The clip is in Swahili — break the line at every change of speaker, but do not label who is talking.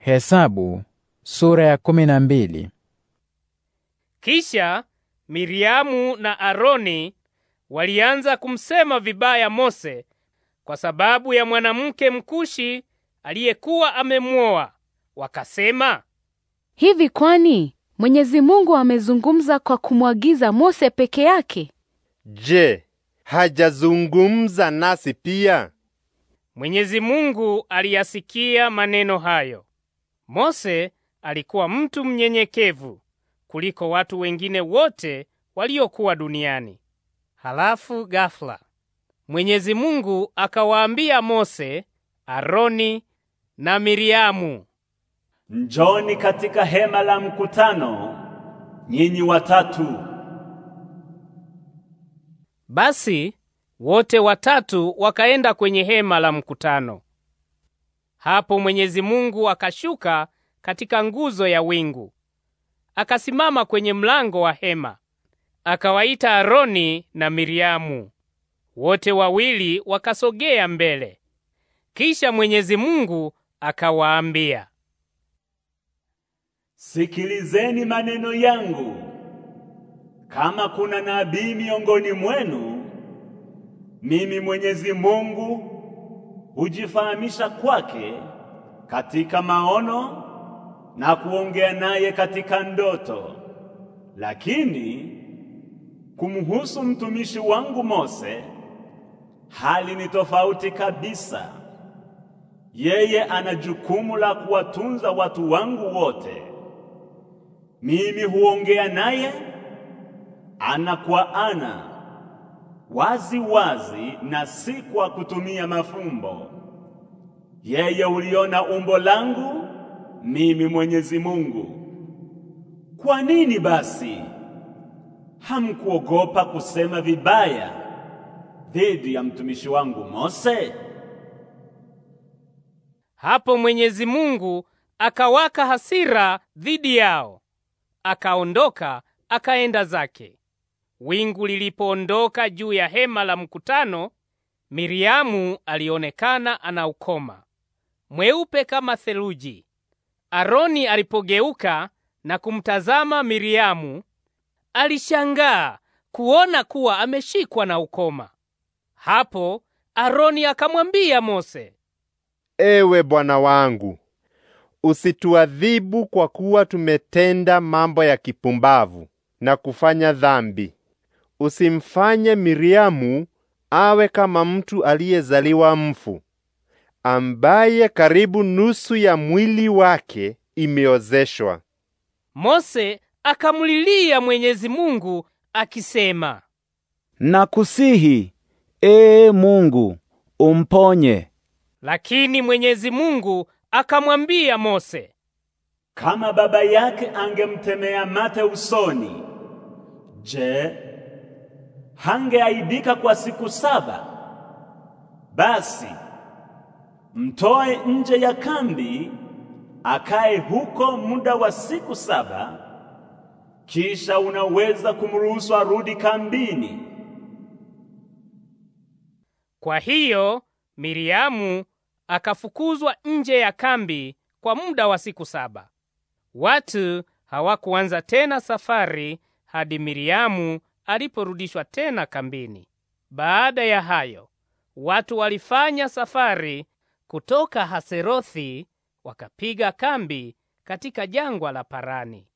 Hesabu sura ya kumi na mbili.
Kisha Miriamu na Aroni walianza kumsema vibaya Mose kwa sababu ya mwanamke mkushi aliyekuwa amemwoa. Wakasema, hivi kwani Mwenyezi Mungu amezungumza kwa kumwagiza Mose peke yake?
Je, hajazungumza nasi pia? Mwenyezi Mungu aliyasikia maneno
hayo. Mose alikuwa mtu mnyenyekevu kuliko watu wengine wote waliokuwa duniani. Halafu ghafla Mwenyezi Mungu akawaambia Mose, Aroni na Miriamu,
njoni katika hema la mkutano nyinyi watatu. Basi wote
watatu wakaenda kwenye hema la mkutano. Hapo Mwenyezi Mungu akashuka katika nguzo ya wingu, akasimama kwenye mlango wa hema, akawaita Aroni na Miriamu. Wote wawili wakasogea mbele. Kisha Mwenyezi Mungu akawaambia,
Sikilizeni maneno yangu. Kama kuna nabii miongoni mwenu, mimi Mwenyezi Mungu hujifahamisha kwake katika maono na kuongea naye katika ndoto, lakini kumhusu mtumishi wangu Mose hali ni tofauti kabisa. Yeye ana jukumu la kuwatunza watu wangu wote. Mimi huongea naye ana kwa ana wazi wazi na si kwa kutumia mafumbo. Yeye uliona umbo langu mimi Mwenyezi Mungu. Kwa nini basi hamkuogopa kusema vibaya dhidi ya mtumishi wangu Mose? Hapo Mwenyezi
Mungu akawaka hasira dhidi yao, akaondoka akaenda zake. Wingu lilipoondoka juu ya hema la mkutano, Miriamu alionekana anaukoma mweupe kama theluji. Aroni alipogeuka na kumtazama Miriamu, alishangaa kuona kuwa ameshikwa na ukoma. Hapo Aroni akamwambia Mose,
ewe bwana wangu, usituadhibu kwa kuwa tumetenda mambo ya kipumbavu na kufanya dhambi usimfanye Miriamu awe kama mtu aliyezaliwa mfu, ambaye karibu nusu ya mwili wake imeozeshwa.
Mose akamlilia Mwenyezi Mungu akisema,
nakusihi ee Mungu umponye. Lakini Mwenyezi Mungu akamwambia Mose, kama baba yake angemtemea mate usoni, je, hangeaibika kwa siku saba, basi mtoe nje ya kambi akae huko muda wa siku saba, kisha unaweza kumruhusu arudi kambini.
Kwa hiyo Miriamu akafukuzwa nje ya kambi kwa muda wa siku saba. Watu hawakuanza tena safari hadi Miriamu aliporudishwa tena kambini. Baada ya hayo, watu walifanya safari kutoka Haserothi wakapiga kambi katika jangwa la Parani.